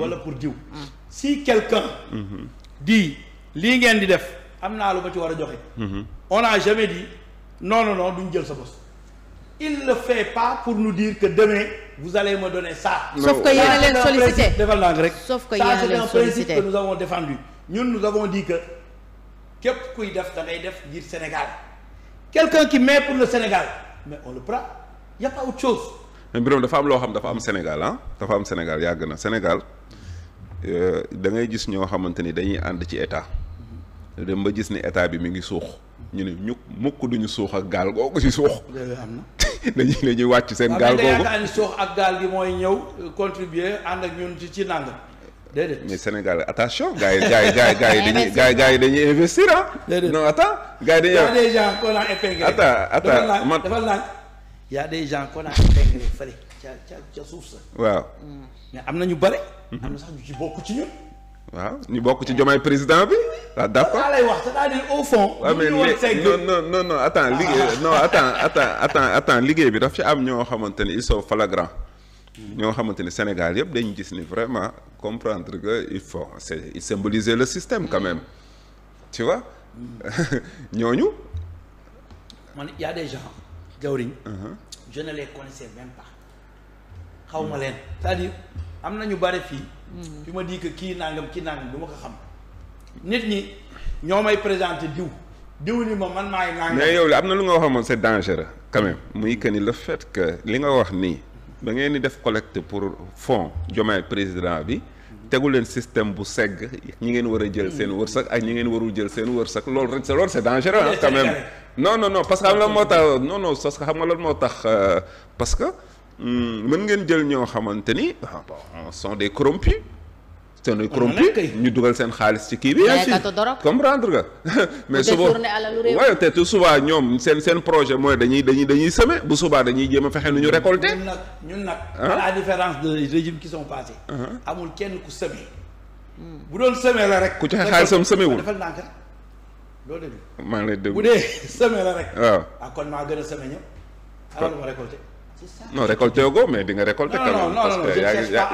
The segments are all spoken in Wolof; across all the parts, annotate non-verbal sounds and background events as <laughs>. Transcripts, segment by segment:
wala pour jiw si quelqu'un dit lii ngeen di def am naa lu ma ci war a joxe mhm. on n'a jamais dit non non non duñ jël sa bos il le fait pas pour nous dire que demain vous allez me donner ça sauf que yéen a leen sollicité defal naa rek sauf que yéen a leen sollicité ça c'est que nous avons défendu ñun nous avons dit que képp kuy def da def ngir Sénégal quelqu'un qui mais pour le Sénégal mais on le prend y a pas chose mais dafa am loo xam dafa am Sénégal ah dafa am Sénégal yàgg na Sénégal euh, da ngay gis ñoo xamante ni dañuy ànd ci état dem ba gis ni état bi mi ngi suux ñu ne ñu mukk duñu suux ak gaal googu ci suux. <laughs> <laughs> dañuy dañuy wàcc seen. gaal googu waaw ak gaal gi mooy ñëw euh, contribuer ànd ak ñun ci ci nangam. déedéet mais Sénégal attention gars yi gars yi gars yi dañuy gars yi dañuy investir ah. yi dañuy. y a des gens qu'on a man y a des gens qu'on a intégré fële ca ca ca suuf sa. waaw. mais am na ñu bare. am na sax ñu ci bokk ci ñun. waaw ñu bokk ci jomaay président bi. waaw ah, d'accord lay wax c'est-à-dire au fond. non non non non attends ah. liggéey non attends attends attends attends liggéey bi daf ci am ñoo xamante ne ils sont flagrants. ñoo xamante ne Sénégal yëpp dañu gis ni vraiment comprendre que il faut c'est il symboliser le système quand même tu vois mm. <laughs> ñooñu. man y a des gens. jawriñ uh-huh. je ne les connaissais même pas xaw ma hmm. leen cest am na ñu bari fii hmm. fi ma di que kii nangam kii nangam du ma ko xam nit ñi ñoo may présenté diw diw ni ma man maay nangam mais yow le am na lu nga wax moom c'est dangereux quand mu muy que ni le fait que li nga wax nii da ngeen di def collecte pour fonds Diomaye président bi tegu leen système bu segg ñi ngeen war a jël hmm. seen wërsëg ak ñi ngeen warul jël seen wërsëg loolu rek loolu c'est dangereux ah quand même <laughs> non non non parce xam lan moo tax non non parce xam nga lan moo tax parce que euh, hmm, mën ngeen jël ñoo xamante ni son ah, sont des corrompus te nuy corrompu ñu dugal seen xaalis ci kii bi. bien sûr comprendre nga. <laughs> <laughs> mais suba waaye te tout souvent ñoom seen seen projet mooy dañuy dañuy dañuy semer bu subaa dañuy jéem a fexe nu ñu récolter. ñun nag ñun nag. Ah? à la différence de régime qui uh-huh. amul kenn ku semer. Hmm. bu doon semer la rek. ku joxe xaalisam semewul wul ndànk rek loo maa ngi leen déglu bu dee <laughs> semer la rek. waaw ah kon maa gën a semer non récolté wu ko mais di nga récolté. non non non parce que yaa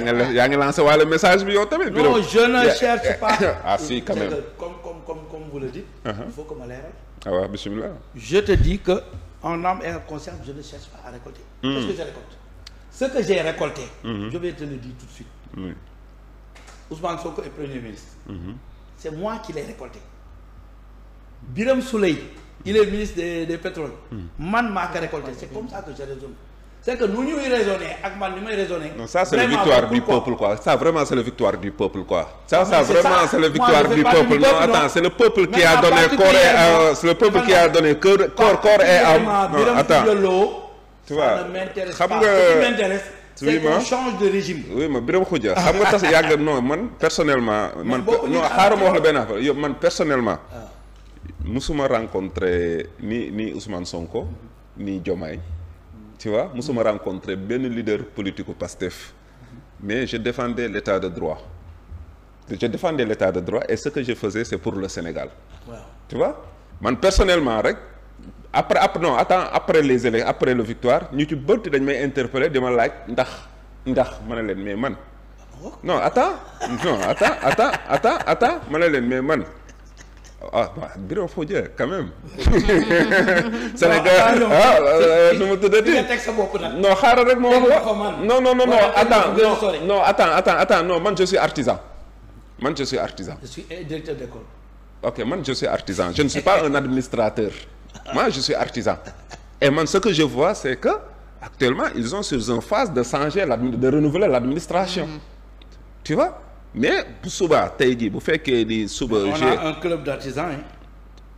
ngi yaa ngi lancé wàllu message bi yow tamit. non je ne cherche pas. <laughs> ah si quand même comme comme comme comme vous le dites. Uh-huh. il faut que ma leeral. ah waaw bisimilah. je te dis que en âme et en conscience je ne cherche pas à récolter. parce hmm. que je récolte ce que j'ai récolté. Hmm. je vais te le dire tout de suite. oui Ousmane Sonko est premier ministre. Hmm. c'est moi qui l'ai récolté. Biram Souley. il est ministre des des pétroles. Hmm. man maa ko récolté c' est que je raisonne. c' est ak man ni may raisonner. non ça c' est victoire du peuple quoi ça vraiment c' est victoire du peuple quoi. ça vraiment c' est victoire du peuple non attends c' euh, le peuple qui a donné corps a corps et âme non attends tu vois xam nga. oui ma change de ma Birame non man personnellement. man non xaaral ma wax la benn affaire yow man personnellement. Ah. musuma rencontre ni ni Ousmane Sonko ni Diomaye tu vois musuma rencontré benn leader politique Pastef mais je défendais l'état de droit je défendais l'état de droit et ce que je faisais c'est pour le Sénégal wow. tu vois man personnellement rek après après non attends après les élections après le victoire ñu ci bëtt dañ may interpeller di laaj ndax ndax ma ne leen mais man ah non attends non attends attends attends attends ma ne leen mais man ah waaw Birame Fodé quand même. <laughs> Sénégal ah nu mu tuddati. di nga teg sa bopp nag. non xaaral rek moo wax non non man je suis artisan. man je suis artisan. je suis directeur ok man je suis artisan je ne suis pas un administrateur. moi je suis artisan. et man ce que je vois c'est que actuellement ils sont sur une phase de changer de renouveler l'administration. Mm-hmm. tu vois. mais souba subaa tey jii bu fekkee ni suba. on a un club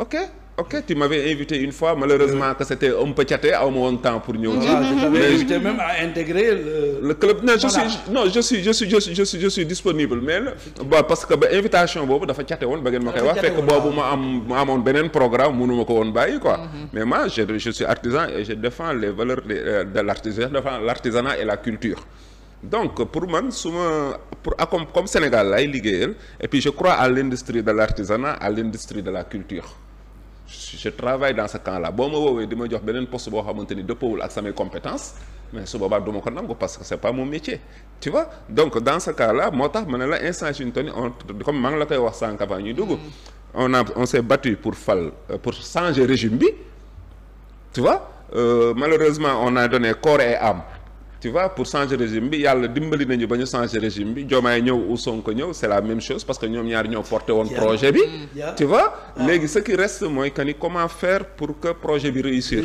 ok ok tu m'avais invité une fois malheureusement oui. que c'était un peu tâté aw ma woon temps pour ñëw. voilà je t'avais invité même à intégrer le. le club non je voilà. suis non mais ba que ba boobu dafa tâté woon ba ngeen ma koy wax fekk boobu ma am mu amoon beneen programme mënuma ko woon bàyyi quoi. Mhm. mais moi je je suis artisan et je défends les valeurs de euh, l'artisan l'artisanat et la culture. donc pour man su ma pour ah, comme comme Sénégal lay liggéeyal et puis je crois à l'industrie de l'artisanat à l'industrie de la culture je travaille dans ce camp là boo ma woowee di ma jox beneen poste boo xamante ni dëppawul ak samay compétence mais su boobaa du ma ko nangu parce que c'est pas mon métier tu vois donc dans ce cas là moo tax ma ne la instant suñu toni on comme maa ngi la koy wax sànq avant ñuy dugg mm. on a on s'est battu pour fal pour changer régime bi tu vois euh, on a donné corps et tu vois pour changer régime bi yàlla dimbali nañu ba ñu changer régime bi Diomaye ñëw ou Sonko ñëw c'est la même chose parce que ñoom ñaar ñoo porté woon projet bi mm. tu vois ah. léegi ce qui reste mooy que ni comment faire pour que projet bi réussir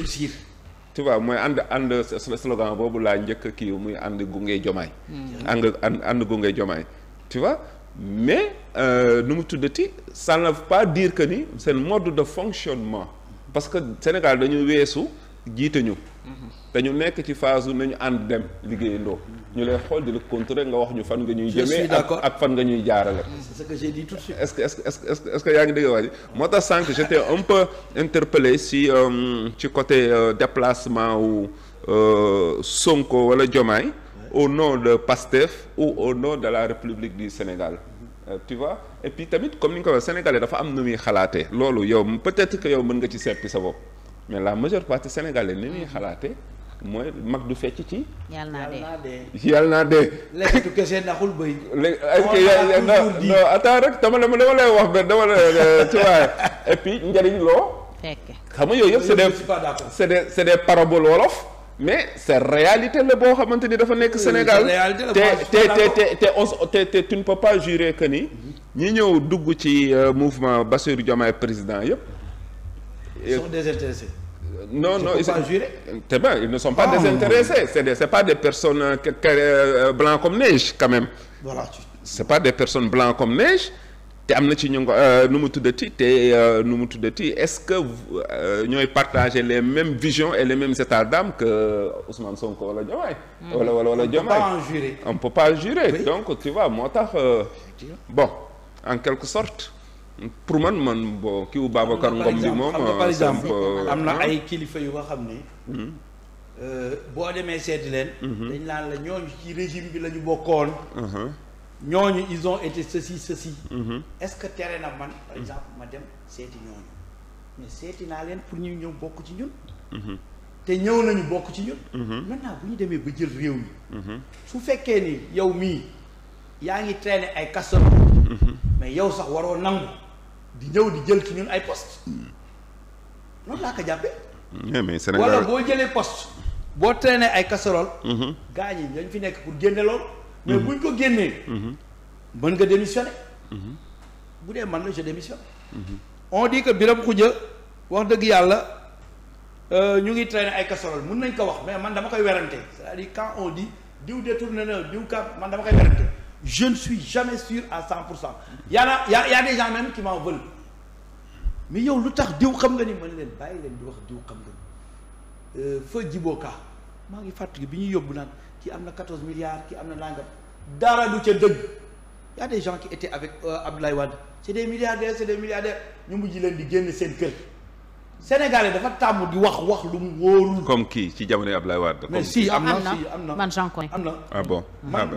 ti va mooy ànd ànd slogan boobu laa njëkk kii muy ànd gunge Diomaye mm. ànd ànd ngay Diomaye tu vois mais euh, nu mu tuddati ça ne veut pas dire que ni seen mode de fonctionnement parce que Sénégal dañu weesu jiite ñu mm-hmm. te ñu nekk ci phase nañu ànd dem liggéeyandoo ñu lay xool di la contrôler nga wax ñu fan nga ñuy jëmee ak fan nga ñuy jaarale mm, c'est ce que j'ai dit tout de suite est-ce que est-ce que est-ce que yaa ngi dégg waa ji moo tax sànq j'étais un peu interpellé si euh, ci côté euh, déplacement wu euh, Sonko wala Diomaye au nom de Pastef ou au nom de la République du Sénégal tu vois et puis tamit comme ni nga ko waxee sénégalais dafa am nu muy xalaatee loolu yow peut-être que yow mën nga ci seppi sa bopp mais la majeure partie sénégalais ni muy xalaatee mooy mag du fecc ci. yàlla naa dee yàlla naa dee. lekkitu kese naxul bëy. est dama dama lay wax benn dama la ci euh, waaye et loo. fekk xam nga yooyu yëpp c'est des c'est des c'est wolof. mais c'est réalité la boo xamante ni dafa nekk Sénégal te te te te te te tu ne peux pas que ni ñi ñëw dugg ci euh, mouvement Bassirou Diomaye président yëpp. non non ils pas jurer. c'est bien ils ne sont pas ah, c'est des c'est pas des personnes euh, que, que, euh, blancs comme neige quand même. voilà c'est pas des personnes blancs comme neige. te am na ci ñu euh, nu mu tuddati te nu mu tuddati est-ce que ñooy partager les mêmes visions et les mêmes états d'âme que Ousmane Sonko wala Diomaye. Hmm. wala wala wala Diomaye on peut pas jurer. on peut donc tu moo tax bon en quelque sorte. pour man man boo kii wu Babacar Ngom bi moom par euh, exemple am na ay kilifa yu nga xam ni hmm? euh, boo demee seeti leen hmm? dañ naan la ñooñu ci régime bi lañu bokkoon uh-huh. ñooñu ils ont été ceci ceci hmm? est-ce que tere na man par exemple ma dem seeti ñooñu mais seeti naa leen pour ñu ñëw bokk ci ñun te ñëw nañu bokk ci ñun maintenant bu ñu demee ba jël réew mi su fekkee ni yow mii yaa ngi traîner ay casserole mais yow sax waroon nangu di ñëw di jël ci ñun ay post loolu laa ko jàppee. mais wala boo jëlee post boo traîné ay casserole. Mhm. gars yi dañ fi nekk pour génne loolu. mais mhm. buñ ko génnee. Mhm. mën nga démissionner. bu dee man la je démissionne. on dit que Birame Khoudia wax dëgg yàlla. Euh, ñu ngi traîner ay casserole mun nañ ko wax mais man dama koy werante c'est-à-dire quand on dit diw détourné na diw ka man dama koy werante je ne suis jamais sûr à 100 pour cent y a y a y a yow lu tax diw xam nga ni mën leen bàyyi leen di wax diw xam nga ni euh, fa jibookaa maa ngi fàttali bi ñuy yóbbu nag kii am na 14 milliards kii am na nangam dara du ca dëgg y a des gens qui étaient avec euh, Abdoulaye Wade c'est des milliardaires c'est des milliardaires ñu mujj leen di génn seen kër Sénégalais dafa tàmm di wax wax lu mu wóorul. comme kii ci jamonoy Abdoulaye Wade. comme mais si am na si am na man am na ah bon. man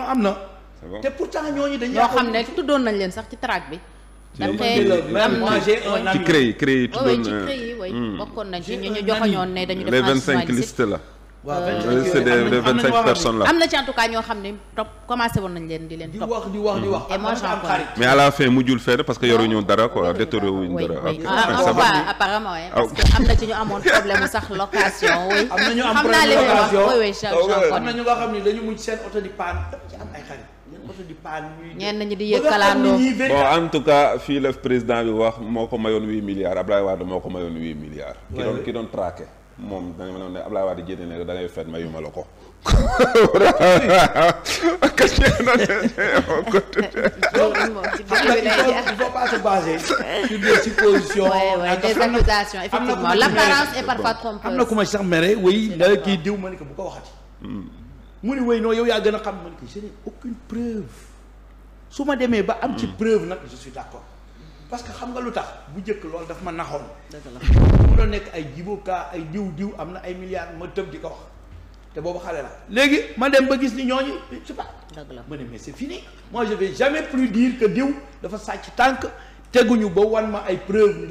ah am na. te pourtant ñooñu dañuy. ñoo xam ne doon nañ leen sax ci track bi. dafay am na ci créé créé tuddoon ci créé yi hmm. bokkoon nañ ci ñu ñu joxoñoon ne dañu def. les vingt cinq listes la. waaw euh, vingt cinq euh, personnes la am na ci en tout cas ñoo xam ne topp commencé woon nañ leen di leen. topp di wax di wax di wax. et mais à la mujjul fenn parce que yoruñu dara quoi détouré dara. Ah, ah, apparemment parce que am na ci ñu sax location. oui am na ñu am ah na ñu nga xam ne dañu mujj seen oto di paan ci am ay di yëg bon en tout cas fii la président bi wax moo ko mayoon huit milliards Abdoulaye Wade moo ko mayoon huit milliards ki doon ki moom da nga ma ne Abdoulaye Wade génne ne da ngay ma yuma la ko. effectivement l'apparence est parfois trompeuse. am na ku ma sax mere wéy nga kii diw ma ne ko bu ko waxati. Hmm. mu ni wéy non yow yaa gën a xam ma ne ko je preuve su ma demee ba am ci hmm. preuve nag je d'accord. parce que xam nga lu tax bu njëkk loolu daf ma naxoon. mu doon nekk ay jiboka ay diw diw am na ay milliards ma tëb di ko wax te boobu xale la léegi ma dem ba gis ni ñooñu c'est pas. dëgg la ma ne mais c'est fini moi je vais jamais plus dire que diw dafa sàcc tànk teguñu ba wan ma ay preuve.